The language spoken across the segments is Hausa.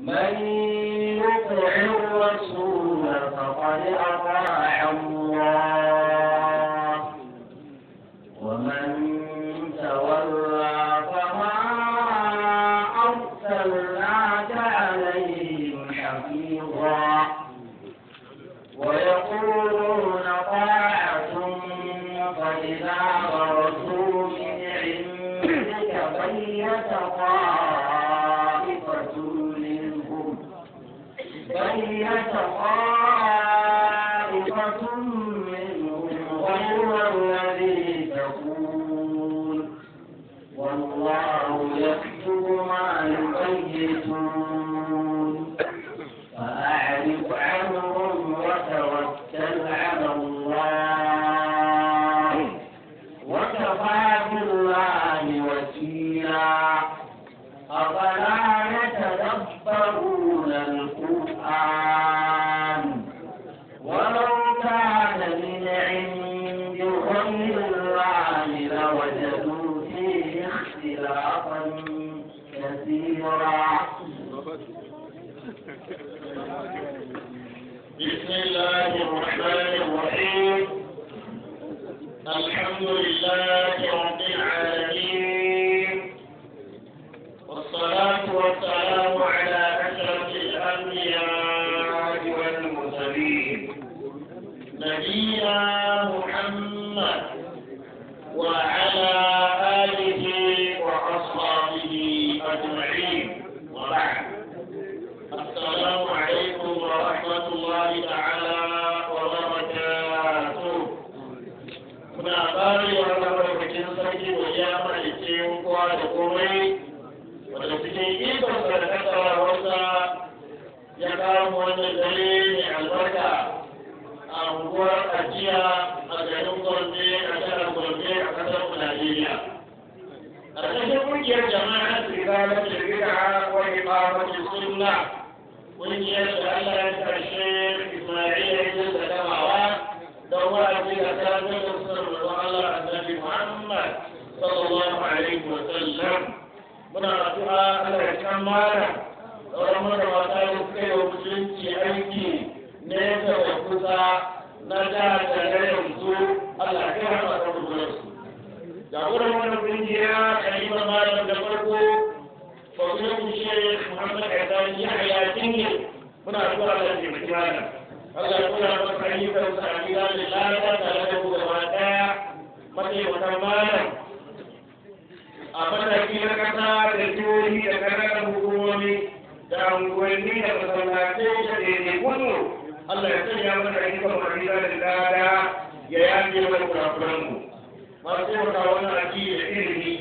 من يطع الرسول فقد أطاع الله Najeriya a garin Gombe a jihar Gombe a kasar mu Najeriya. Ƙarƙashin ƙungiyar jama'a ta da shirya wa iqamati sunna ƙungiyar da Allah ya karshe Isma'il ya da damawa da wa'azi da kafin sunnar Allah annabi Muhammad sallallahu alaihi wa sallam. Muna addu'a Allah ya wani aiki nesa kusa na da da yanzu Allah ya rahama da su jagoran wannan kungiya kalima malam da farko fadilu sheikh Muhammad Adan Yahya Tinge muna zuwa da jimkana Allah ya kula da ayyukan sa a gida da lafiya da da gaba daya mataimakan malam a mataki na kasa da jihohi da kananan hukumomi da unguwanni da masallatai da daidai Allah ya sanya mana ayyukan makarita da tsada, ya yaje mana mu. masu taimaka wani addini da ilimi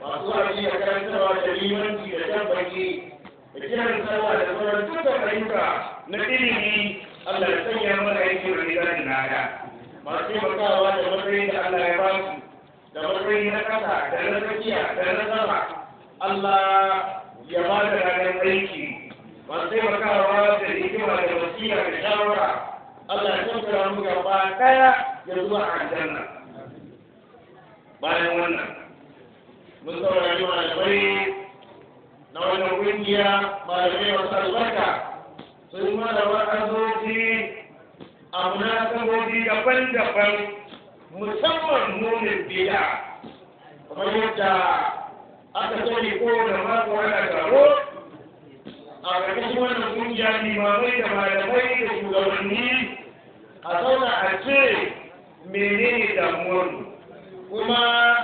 masu aji da karantarwa da limanci da baki da kiran sarwa da sauran dukkan ayyuka na ilimi Allah ya sanya mana ayyukan makarita da tsada. masu taimakawa da matsayin da Allah ya ba su da matsayin na ƙasa da na tsakiya da na sama Allah ya ba da ranar aiki ba taimakawa da hikima da wasiya da shawara Allah ya tabbata mu gaba daya ya zuwa aljanna bayan wannan mun saurari malamai na wannan kungiya malamai masu albarka sun yi malama azoji a munasabobi daban-daban musamman nunin biya kamar yadda aka sani ko da mako ana taro a ƙarƙashin wannan ƙungiya limamai da malamai da shugabanni a zauna a ce menene damuwarmu kuma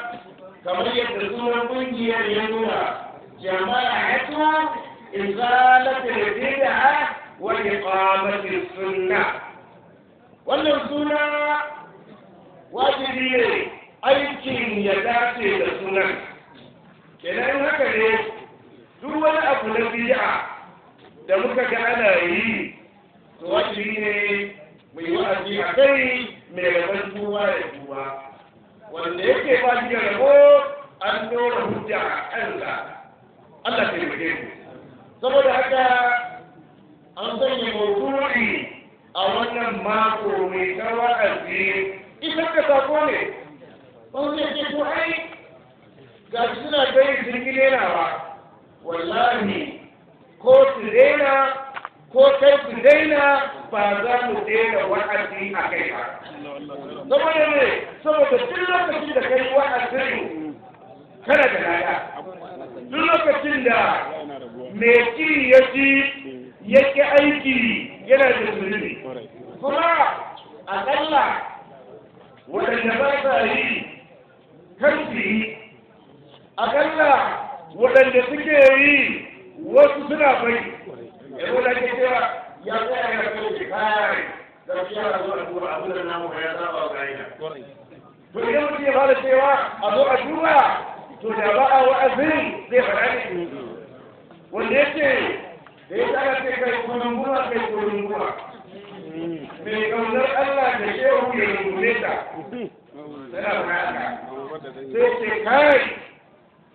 kamar yadda sunan ƙungiyar ya nuna jama'a ya tuwa izalata da bid'a wa iqamati sunna wannan suna wajibi ne aikin ya dace da sunan kenan haka ne duk wani abu na bid'a da muka ga ana yi to wajibi ne mai yi wa'azi a kai mai gaban tuwa da tuwa wanda yake ba shi da rabo an dora hujja a kansa Allah ta yi mu saboda haka an sanya mawdu'i a wannan mako mai a ziri ita ka sako ne wanda ke ko ai ga suna gani jirgin ba wallahi ko su daina ko kai su daina ba za mu daina wa'azi a kai ba saboda ne saboda duk lokacin da kai wa'azin kana da lada duk lokacin da mai ci ya ji ya ƙi aiki yana da ne. kuma aƙalla waɗanda ba sa yi kan su yi aƙalla waɗanda suke yi wasu suna bari ya wani ake cewa ya tsaya ya kai shi kare da shi ya zo a duba abin da namu ya saba ga ina to idan mutum ya fara cewa a zo a duba to da ba a wa'azin zai faɗa ne wanda yake da ya tsaya ce kai kurin guma kai kurin guma mai kaunar Allah da shehu ya rungume ta tana faɗa sai ce kai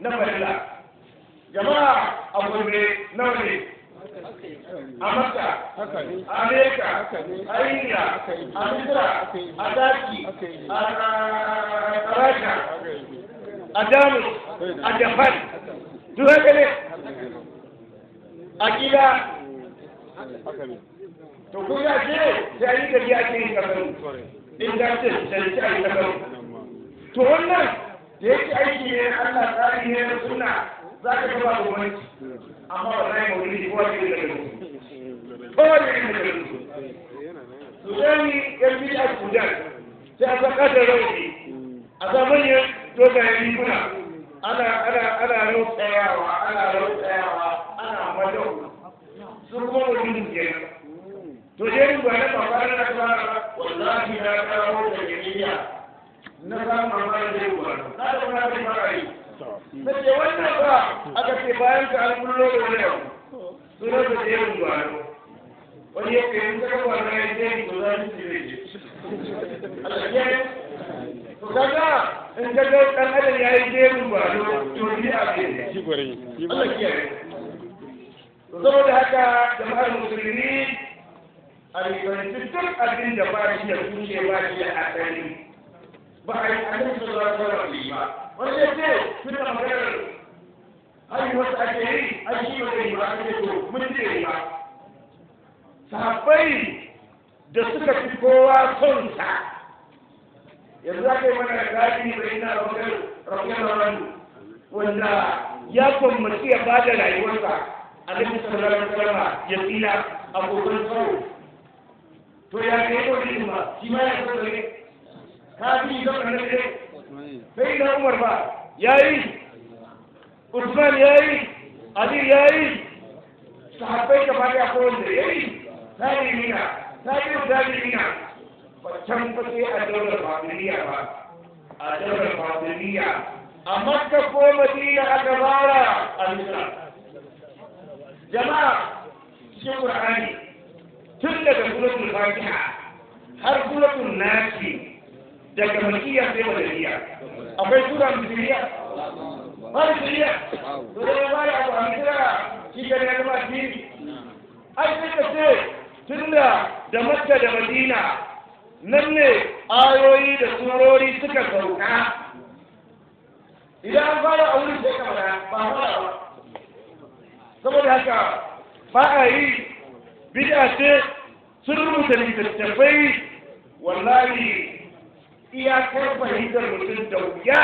na farilla jama'a a gombe nawa a maka a amerika a india a misra a daki a rasha a jamus a japan duk haka a kila to kun ya ce sai a yi gari ake yin kasar in da ce sai a yi kasar to wannan da yake aiki ne Allah tsari ne na suna za ka ga ba gwamnati amma ba zai maulidi ko ake da ko da yake su gani Sudani yan a kudan sai a saka da rauni a zamanin dogayen riguna ana ana ana rautsayawa ana rautsayawa ana madau kuma to je ba na ba na ba wallahi na da jami'a na samu amma da yawa littafin marayu na ce wannan ba aka ce bayan ka an kullo da wani abu sunan da ce yin gwano wani ya kai yin kaka gwano ya ce yin gwano ya ce je to kaga in ka ga dan adam ya yi jerin gwano to ni a ke Allah kiyaye saboda haka jama'ar musulmi a ribanci duk abin da ba shi da tushe ba shi ba a yi annabi sallallahu alaihi wasallam ba wani ya ce suna maganar haihuwarsu ake yi an shi ba yi ba an ce to mun ce yi ba sahabbai da suka fi kowa son sa yanzu za ka yi mana gadi da ina rahoton rahoton wanda ya kwammaci ya ba da rayuwarsa a cikin sauraron kalma ya tsira a kogon tsoro to ya kai ko ne ma shi ma ya tsoro ne ka bi zama na ne sai na umar ba ya yi usman ya yi ali ya yi sahabbai da a ko da ya yi tabi'ina tabi'u tabi'ina ba can ba sai a daular fadiliya ba a daular fadiliya a makka ko madina aka fara al-islam jama'a cikin qur'ani tun daga suratul fatiha har suratul nasi daga makiya sai madaniya akwai sura misiriya ba misiriya to dai ba ya hannun hamdira shi ga ne ba dini ai sai ka ce tun da makka da madina nan ne ayoyi da surori suka sauka idan an fara a wurin sai kamar ba fara ba saboda haka ba a yi bid'a ce sun rubuta littattafai wallahi Iya ko fahimtar mutum da wuya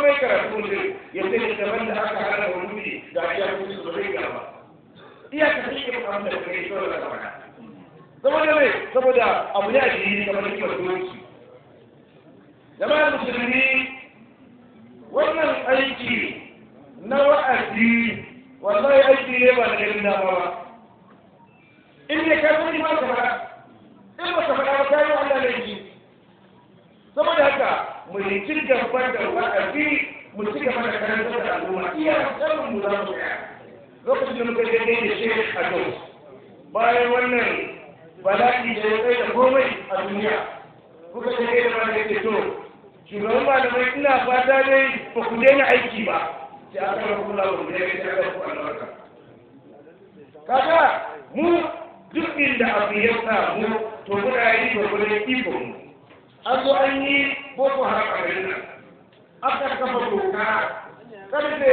mai karatu ne ya sai da ban da aka hana da mutune ga iya mutum da zai gaba ka sai ke fahimta da kai sau da gaba saboda mai saboda abu ne a jini kamar da kiwon turanci musulmi wannan aiki na wa'azi wallahi aiki ne ba da ganin ba in ne ka ni ma ka faɗa in ba ka faɗa ba ta yi wa Allah laifi saboda haka mu yi cin gaban da fi mu ci gaba da karantar da al'umma iya karin mu za mu lokacin da muka daidai da shi a gaba bayan wannan bala'i da ya tsaye da komai a duniya kuka kai da da yake to shugaban malamai ina fata dai ba ku daina aiki ba sai a kan rabu lawa mu daidai da kan ku albarka kaga mu duk inda abu ya samu to muna yi ba kuma ikon mu an zo an yi boko haram a garin nan aka kafa doka karfe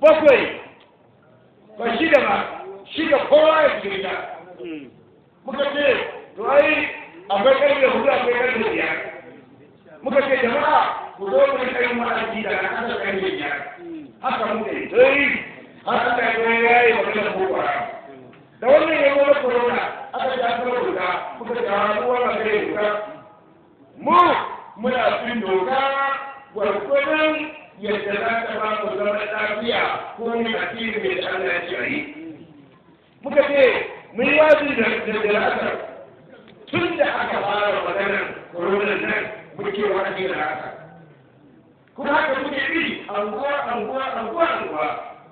bakwai ba shida ba shida kowa ya fi gida muka ce to ai akwai karfe hudu akwai karfe biyar muka ce jama'a ku zo ku yi karin wa'azi da kan kasa karfe biyar haka muka yi sai har ta yi ya yi wa kan boko da wannan ya zo na corona aka ja kuma doka kuka ja ah, kowa ba kai doka mu muna bin doka gwargwadon yadda za ta ba mu zama lafiya ko mu cikin mai da Allah ya ce muka ce mun yi wazi da da tun da aka fara maganar koronan nan muke wazi da haka kuma haka muke bi anguwa anguwa anguwa anguwa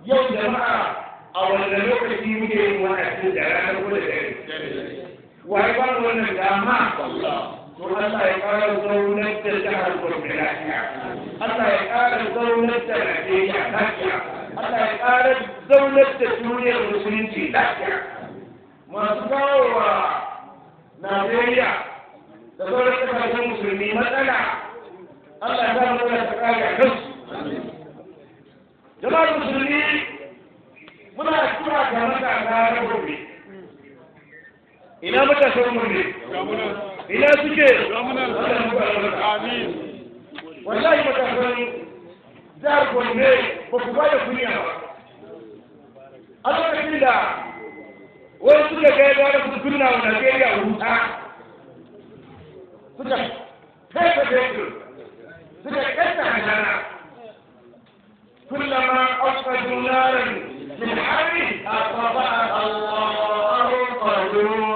yau jama'a a wanda lokaci muke yin wani asiri da ranar kuma da dare wai ba wannan dama to Allah ya ƙara zaunar da jihar Gombe lafiya Allah ya ƙara zaune da Najeriya lafiya Allah ya ƙara zaune da duniyar musulunci lafiya masu kawowa Najeriya da sauran kasashen musulmi Allah ya da ta musulmi muna kuma ga ina matasan mu ne ina suke wallahi matasan jihar gombe ba ku ba da kunya ba a lokacin da wani suka ga ya da su turna wa najeriya wuta suka kai ka suka kai ta hajjana كلما أوقدوا نارا من حرب أطفأها الله قالوا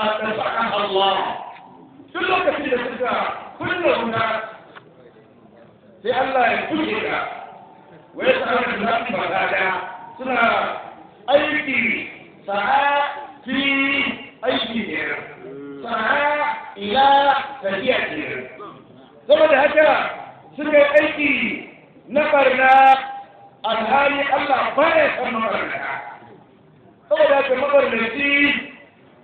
قد الله duk lokacin da suka kunna wuta sai Allah ya kulle ka wa ya sa'a da nan bagada suna aiki sa'a fi aiki ne sa'a ila tafiya ne saboda haka suka aiki na barna alhali Allah baya san mabarna saboda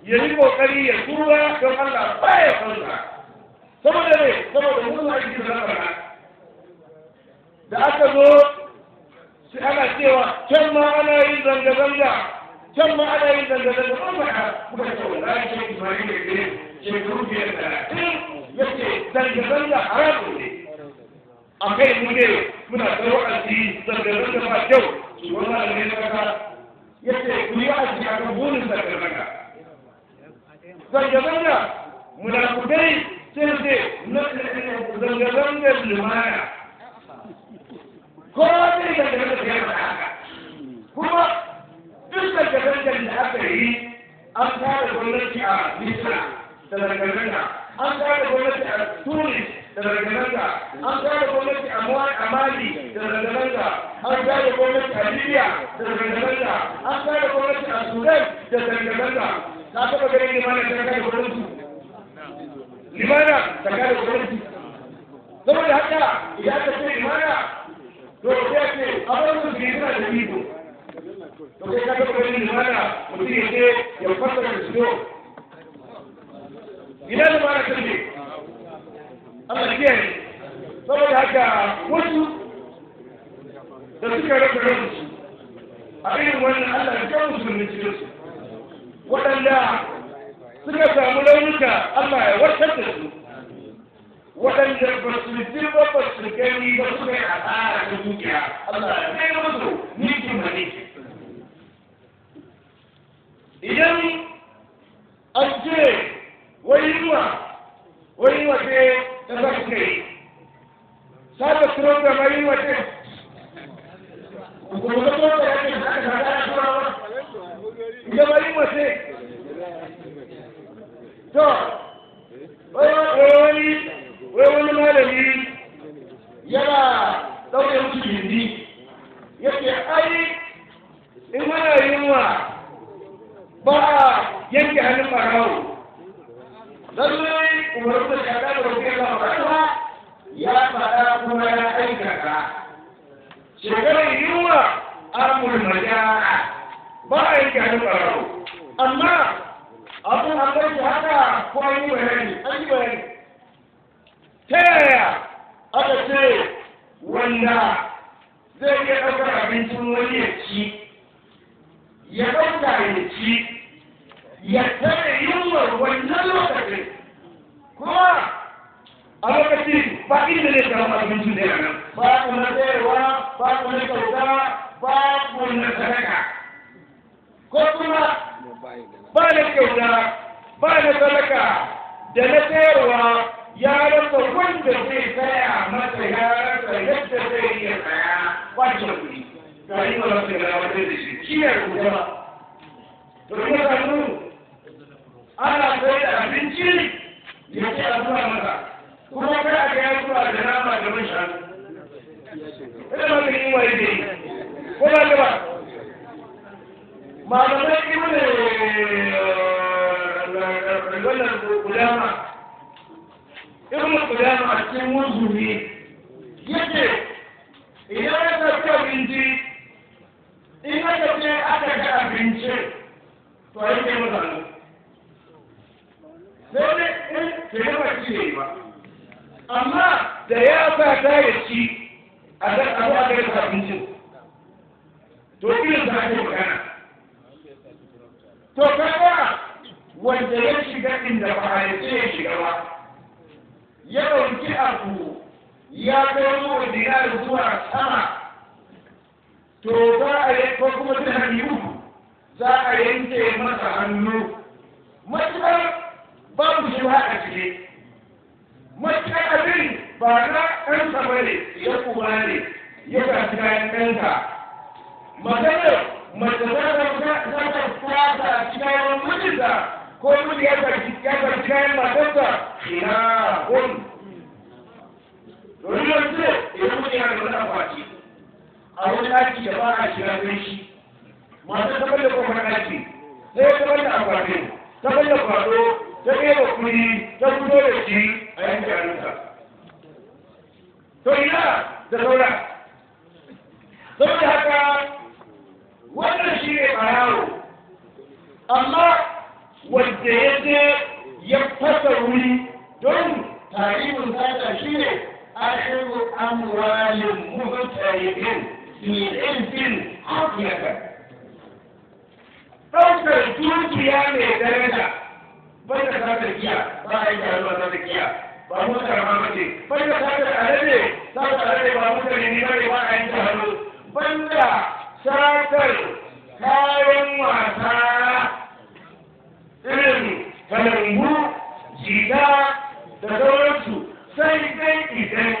ya yi kokari ya tura don Allah ba ya sauna saboda ne saboda mutum aiki da Allah da aka zo shi ana cewa can ma ana yin zanga-zanga can ma ana yin zanga-zanga ba ma kuma kuka ce wanda ki mai ne ne shekaru biyar da ya ce zanga-zanga haramu ne a kai mu ne muna kai wa'azi zanga-zanga ba kyau shi wannan ne ka ya ce ku yi aiki a kan burin zanga-zanga zanga-zanga munafukai sai ce zanga-zangar lumana ko zai zanga-zanga ya haka kuma duk zanga-zangar da aka yi an tara gwamnati a misra da zanga-zanga an tara gwamnati a tunis da zanga-zanga an tara gwamnati a mali da zanga-zanga an tara gwamnati a libya da zanga-zanga an tara gwamnati a sudan da zanga-zanga ka taɓa ganin limana ta kada gwamnati limana ta kare gwamnati saboda haka ya ka ce limana to sai ce abubuwan da yana da iko to sai ka taɓa ganin limana mutum ya ce ya fassara da shi idan limana ta ne Allah kiyaye saboda haka wasu da suka rasa ransu a wannan Allah ya kawo su da cikin su waɗanda suka samu raunuka Allah ya warkar da su waɗanda ba su ba ba su gani ba suka yi asara ta dukiya Allah ya kai musu idan an ce wani yiwa wani yiwa ce ta zaka kai sata turon da mai yiwa ce to wani wani malami yana ɗauke musu bindi ya ce ai in mana yunwa ba a yanke hannun ɓarawo magidanci ya tare yunwar wannan lokacin kuma a lokacin ba inda zai samu abincin da yana ba ku na tsayarwa ba ku na kyauta ba ku na sadaka ko kuma ba na kyauta ba na sadaka da na tsayarwa ya rasa wanda zai tsaya masa ya rasa yadda zai iya tsaya ba shi kuɗi. Ga yi ba za su yi rawa da shi, shi ne rubuta domin ya samu ana koyar da abinci ya ce a zuwa masa kuma kada a kai zuwa da nama da man shanu ina ma yin ima yake yi ko ba ta ba malamai ibn eh, eh, eh, wannan kudama ibn kudama a cikin wuzuri yake idan ya tafi abinci in aka ce aka ga abincin to ai kai masa hannu sai dai in kai masa shi ne ba amma da ya sa ta yi ci a kan abu da kai sa abincin to irin sa ake magana to kaga wanda ya shiga inda ba a yace ya shiga ba ya ɗauki abu ya kai wa dinar zuwa sama to ba a yi ko kuma tunani uku za a yanke masa hannu matuƙar babu shi a ciki matuƙar abin ba na ɗansa ba ne ya kuma ne ya tafi kayan ɗansa maganar mace za ta fata cikin mijinta ko miji ya tafi kayan matarsa ina hun domin yanzu ya mutu ya nuna a kwaci a wani aiki da ba a shiga shi mata ta bada kuma aiki sai ta bada akwatin ta bada kwado ta ɗeba kuɗi ta fito da shi a yanke hannunsa to ina da saura saboda haka wannan shi ne a yaro. amma wanda ya je ya fasa wuri don tarihin sata shi ne ashiru amwalin muhtayirin fi ilfin hafiyatan ɗaukar dukiya mai daraja banda satar giya ba a yi taruwa satar giya ba mu karama mace banda satar alade satar alade ba mu kare ne bare ba a yi taro banda satar kayan wasa irin kalambu jita da sauransu sai dai idan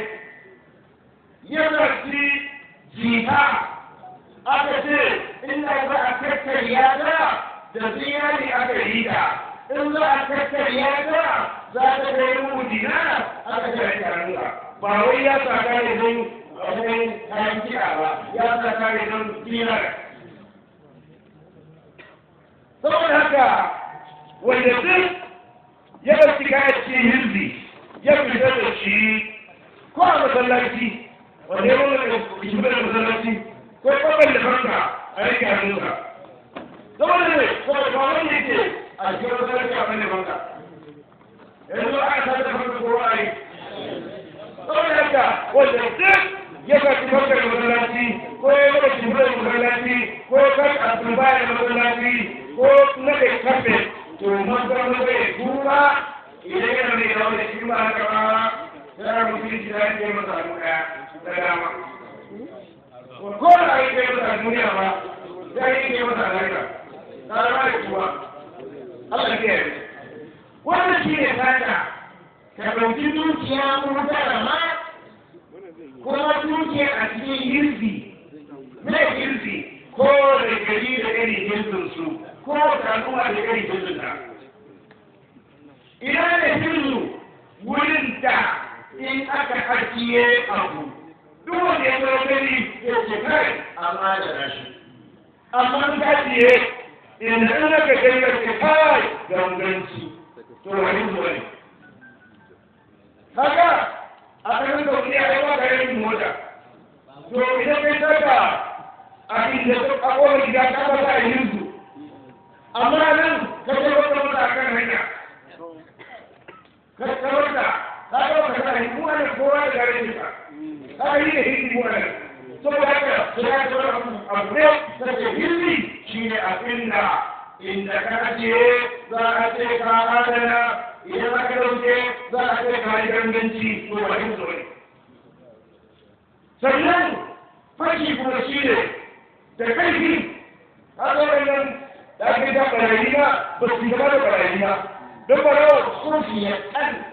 ya ci jita aka ce in za a kakkarya ta da zinari aka yi ta in za a kakkarya ta za ta kai mu dinara aka ce a karanga ba wai ya saka ne don abin kayan kiɗa ba ya saka ne don dinar saboda haka wanda duk ya ɗauki kayan cikin hirzi ya fita da shi ko a masallaci wanda ya wani da shi masallaci ko kwaban da farka a rage hannunsa zama da ne ko ba wanda yake a cikin wasu rage abin da farka yanzu a ta da farka ko a yi zama da haka wanda duk ya kaci farka da masallaci ko ya gaba cimbar da masallaci ko ya kaci asuba da masallaci ko na da kafe to masallaci ya tura idan yana mai zama da shi ba haka ba ya mutum shi da ya masa hannu ɗaya da dama ko da ake kai masa duniya ba sai ake kai masa alaƙa tsara ba da kuwa Allah ya yi wannan shi ne fata ta ɗauki dukiya kuma tara ma kuma dukiya a cikin hirzi na hirzi ko da gari da irin hirzin su ko da al'umma da irin hirzin ta ina da hirzu wurin da in aka ajiye abu duk wanda ya zo gani ya ce kai an adana shi amma in ka ciye inda in aka gani ya ce kai ganganci to wani zuwa ne kaga a kan da wani ya yi wa kayan mota to idan kai saka abin da ta kawo gida ka ba ta yin su amma nan ka ce wata mota kan hanya ka tsawata ka ga ka ga hikima ne kowa da gare ne ka ka yi da hikima ne saboda haka sai ya zo ne da za a ce ka adana idan za ka yi ko ba sannan fashi kuma da kaifi da ake gaba da ɓarayi don ba rawa ɗan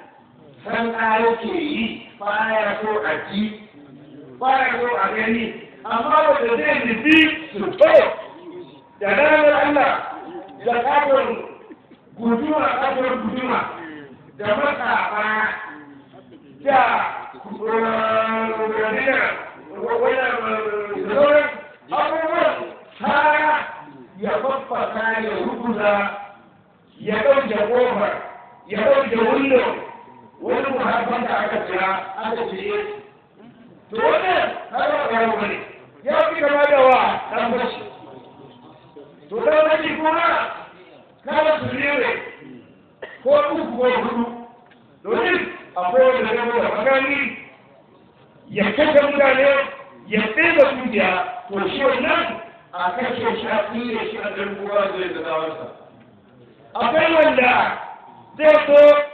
san yake yi baya so a ci baya so a gani amma da zai nufi su to da ranar Allah da kafin guduwa kafin guduma da matsafa da gudanina wannan sauran abubuwan tara ya ya rubuta ya ɗauke ƙofar ya ɗauke windo wani muhaifan da aka cira aka cire eh. to wannan har ba karo bane ya fi kama da wa dan bashi to dan bashi kuma kala su ne ko uku ko hudu domin akwai wanda ya mutu magani ya kashe mutane ya tsaya dukiya to shi wannan a kashe shi a tsire shi a garkuwa zai da zawarsa akwai wanda zai so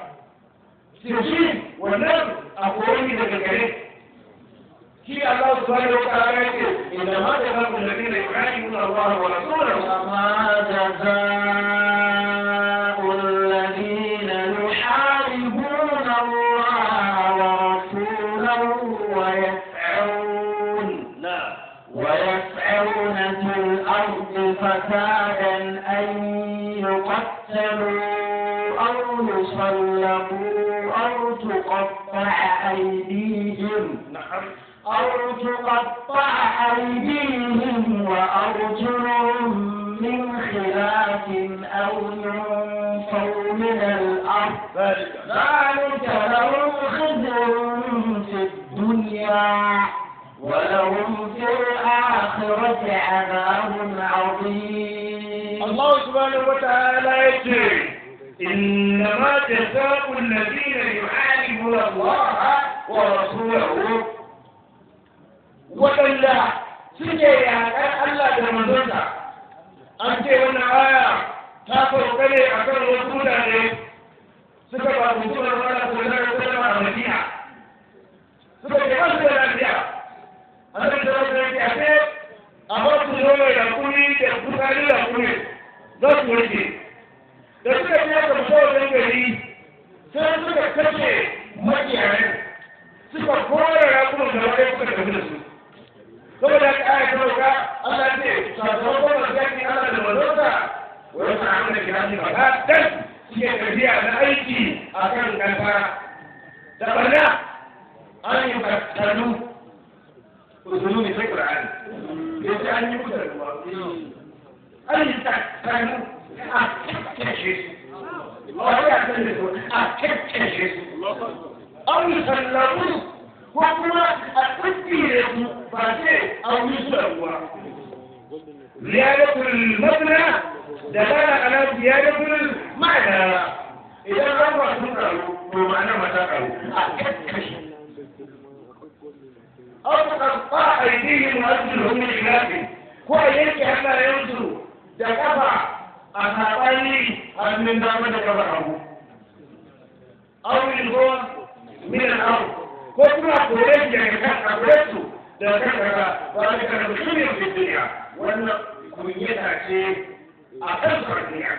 shi wannan a koyi daga gare shi Allah subhanahu wa ta'ala yake inna ma jazaa'u alladhina yu'ayyuna Allah wa rasulahu ma jazaa'u نعم أو تقطع أيديهم وأرجلهم من خلاف أو ينفوا من الأرض ذلك لهم خزي في الدنيا ولهم في الآخرة عذاب عظيم الله سبحانه وتعالى يقول إنما جزاء الذين يحاربون الله ورسوله waɗanda suke yaƙar Allah da manzonsa an ce wannan aya ta sauka ne a kan wasu mutane suka ba su tura wani kullum kullum a Madina suka ce an su da lafiya an zai da wasu yake a ce a ba su zoye da kuri da kusani da kuri za su warke da suka ce ka fito wajen gari sai suka kashe makiyayen suka kore rakunan gaba ɗaya suka tafi da su saboda haka aya ta roƙa Allah ce sakamakon masaki Allah da manzonsa wa yasma'una bi hamdi faqatan shi tafiya na aiki akan kasa da barna an yi fasalu usulu ne sai qur'ani yace an yi kusa da an yi fasalu a kakkashe su a kakkashe su أو يسلمون وكما التسكير فاتح أو يسلمون زيادة المبنى دلالة على زيادة المعنى إذا لم تفعل ومعنى ما تفعل أو تقطع أيديهم وأرجلهم من خلاف وإليك ألا ينظروا da kafa a saɓani hannun dama da kafa abu. Aure ko Mina al ko kuma a kore shi daga kan a kore su daga kan ba da kan mutumin fi duniya wannan kunyata ce a kan duniya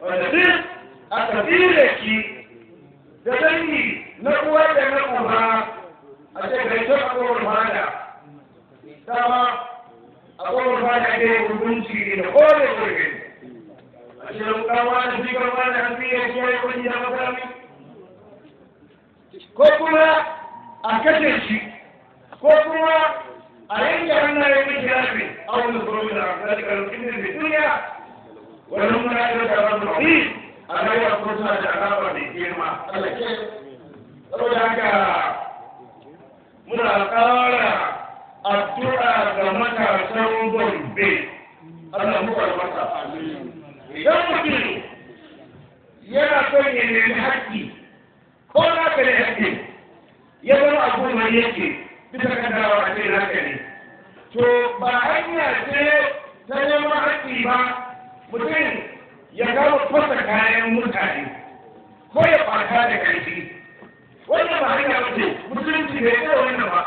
wanda duk a kabila ki da dangi na uwa da na uba a ce kai ta abubuwan fada dama abubuwan fada ne hukunci ne da kone wurin a ce kawo da shi kawo da an fiye shi ya yi wani da makarami ko kuma a kashe shi ko kuma a yanke hannayen mutane a wani gurbin da a da karfin da duniya wani muna yi da wani mafi a kai da kuma da alama da girma Allah saboda haka muna ƙara addu'a ga matasan gombe Allah muka mata idan mutum yana son ya nemi haƙƙi ko na ka ne ake ya zama abu mai yake bisa kan dawa a ce na ka to ba hanya ce ta neman haƙƙi ba mutum ya gama fasa kayan mutane ko ya ɓata da ƙarfi wannan ba hanya ce musulunci bai ce wannan ba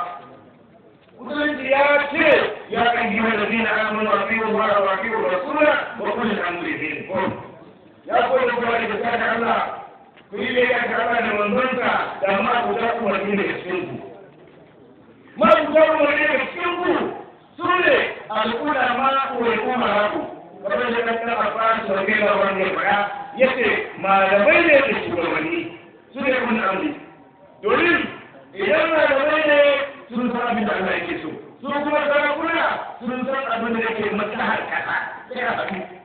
musulunci ya ce ya ƙarfi mai da zina an mun wafi wa mara wafi wa rasula wa kullum an mulki ya koyi da kuma da Allah ku yi ne kan Allah da manzonsa da ma'abuta umarni da cikin ku ma'abuta umarni da cikin ku su ne al'ulama wal umara ku kamar da kan Allah ba su rage da wannan fara yace malamai ne da shugabanni su ne kun amri domin idan malamai ne sun san abin da Allah yake so su kuma sarakuna sun san abin da yake maslahar kasa sai a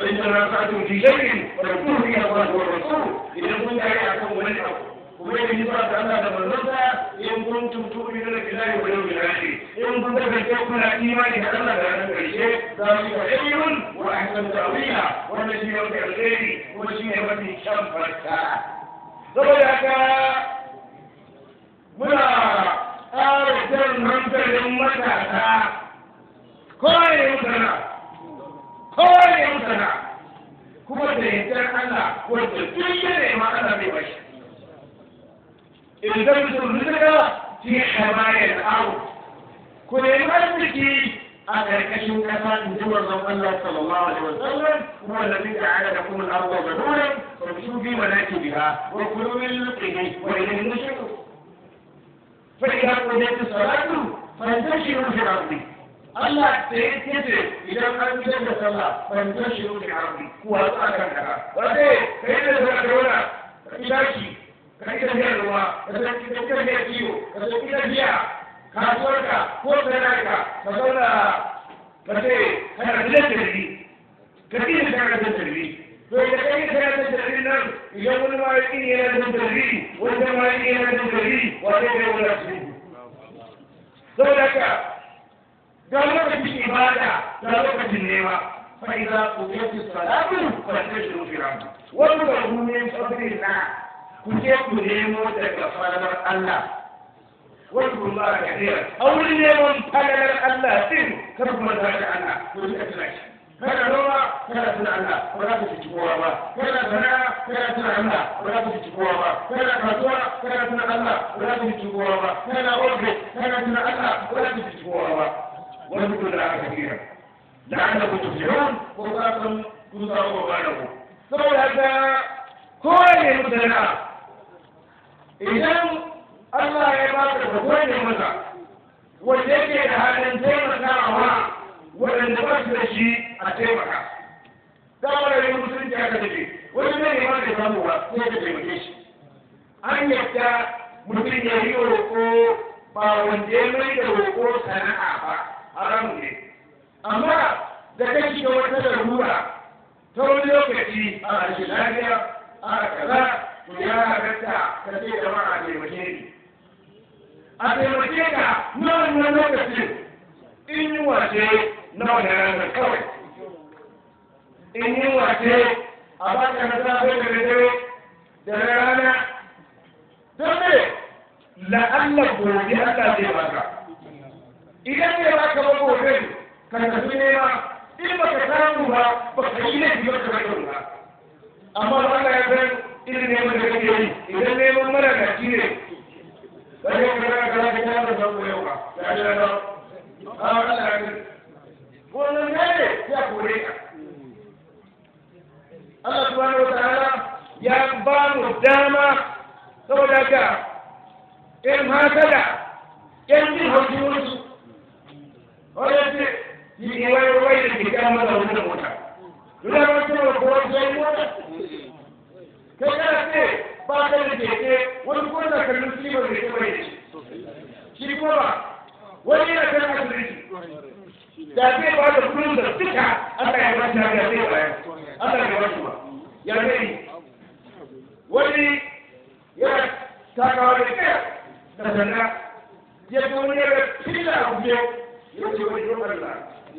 وإن تنازعتم في شيء فاذكروا فيه الله والرسول إذا كنت أعلم ولن أقول وبين النفاق الله لما نزع إن كنتم تؤمنون بالله واليوم الآخر إن كنت تتوقن إيمان الله لأن الشيء ذلك خير وأحسن تأويلا ونشيء في الخير ونشيء في الشم فرسا ذلك muna ƙara jan hankalin matasa kawai mutana sana kuma da yardar Allah wanda duk ya nema Allah bai bashi idan mutum rizqa fi hamayil ard ku nemi arziki a ƙarƙashin ƙasa in ji manzon Allah sallallahu alaihi wasallam kuma da zai ta'ala da kuma arwa ga dole ku shi bi malaki biha wa kulu min rizqihi wa ilayhi nushur fa idza qudiyatis salatu fantashiru fil ardi Allah da ya ce idan an gidan da sallah ban fahimtar shi ne arabi kuwa zuwa kan daga wanda yi da zaka dora ka tashi ka yi da ruwa ka san ki da kai kiyo ka san ki da biya kasuwarka ko sanarka ka zauna ka ce kana da tarbi ka ce da kana da tarbi to da ka yi kana da tarbi nan idan wani ma yake yana da tarbi wanda ma yake yana da tarbi wanda ya wala shi saboda haka ga lokacin ibada ga lokacin nema fa idza qudiyat salatu fantashiru fil ardh wa tuqu min fadlillah ku je ku nemo daga falalar Allah wasu Allah kadira a wurin neman falalar Allah din kar da Allah ku rika tuna shi noma kada tuna Allah ba za ku ba kada sana'a kada tuna Allah ba za ku ba kada kasuwa tuna Allah ba ofis tuna Allah ba ولتدرع كثيرا لعلكم تفلحون وفاكم تنصروا وبالغوا سبب هذا كل المتنع إذا الله يبارك وكل المتنع والذي هذا الزمن نعمه ولن نبشر شيء أتبعه دولة المسلمين هذا الشيء ولن يبارك الله سيد المجيش an yadda mutum ya yi roƙo ba wanda ya mai da roƙo sana'a da ta shiga wata larura ta wani lokaci a rashin lafiya a kaza to ya halatta ka ce jama'a taimake ni a taimake ka na wannan lokacin in yi wace na wani ranar kawai in yi wace a ka na safe da dare da rana don ne la'allar gobe Allah zai baka idan ba baka ba gobe ka tafi nema in ba ka samu ba ba ka yi laifi ba ka ba amma ba ka yi san irin neman da kake yi idan neman mara ne shi ne wani ya kara kara ka ta da samu yau ba ya ji rana a Allah ya ji wannan ne ya kore ka Allah subhanahu wa ta'ala ya ba mu dama saboda ka in hasada in jin ya ce shi wai wai da ke kan mana wani wata? ina ba ce wa kowa sai wata? kai kana ce ba ka da keke wani ko da kallon shi ba zai ba bai shi ko ba wani yana kan asibiti da zai ba da kudin da duka Allah ya ba shi da zai bayar Allah ya ba shi ya zai wani yana da kai da sanda ya ga wani yana kila abu ya ce wani yau Allah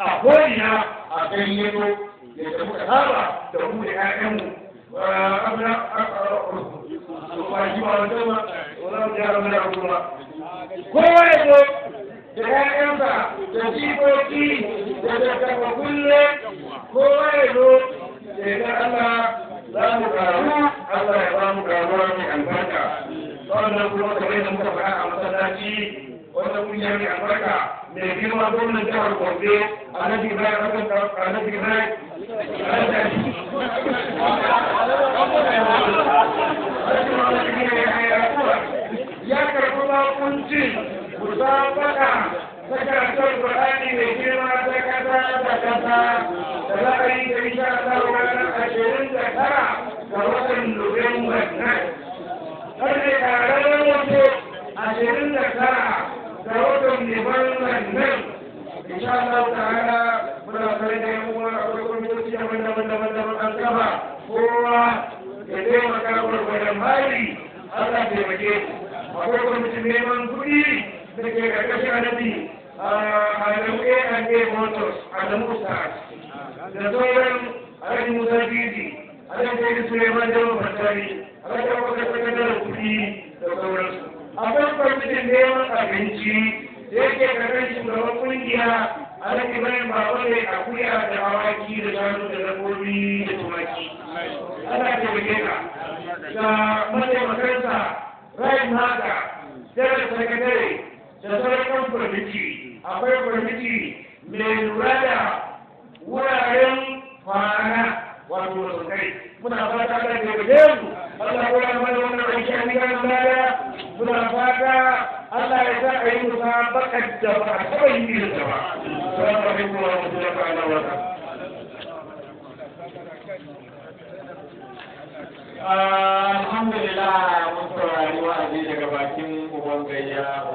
a ko'ina a yi ya da muka saba da mu da ƴaƴanmu abin kwaji ba wanda ba wani yaro mai abu ba kowa ya da ƴaƴansa da jikoki da dattawa kulle kowa ya da ya Allah za mu karu Allah ya ba mu karuwa mai albarka sannan kuma kamar yadda muka faɗa a masallaci albarka mai girma gwamnan jihar a na Ibrahim Hassan Alhaji Ibrahim ya karɓi bakuncin musabaka ta karshen Qur'ani mai girma ta kasa da kasa da za a yi da insha Allah ranar ashirin da tara ga watan Nuwamban nan. Karfe ƙararren wato ashirin da tara ga watan Nuwamban nan insha Allah ta'ala muna kare da yan uwa a akwai kwamitoci daban-daban daban-daban an kafa kowa ya taimaka gwargwadon hali Allah taimake a akwai kwamitin neman kuɗi da ke ƙarƙashin anabi a alamu A&A Motors alamu Stars da sauran Alhaji Musa Didi Alhaji Suleiman Jawa Fatari Alhaji Abubakar Sakandar Kuɗi da sauransu. akwai kwamitin neman abinci da yake kasan shugaban kungiya alhaji bayan baba ne a kuya da awaki da shanu da dabbobi da tumaki ana taimake ka da mataimakansa rayin haka jami'ar sakatare da sauran kwamiti akwai kwamiti mai lura da wuraren kwana wato kai muna fata da taimake mu Allah ya mana wannan aiki a nigar baya muna fata Allah ya sa a yi musabakar da ba a taɓa yi ba. alhamdulillah mun saurari wa'azi daga bakin uban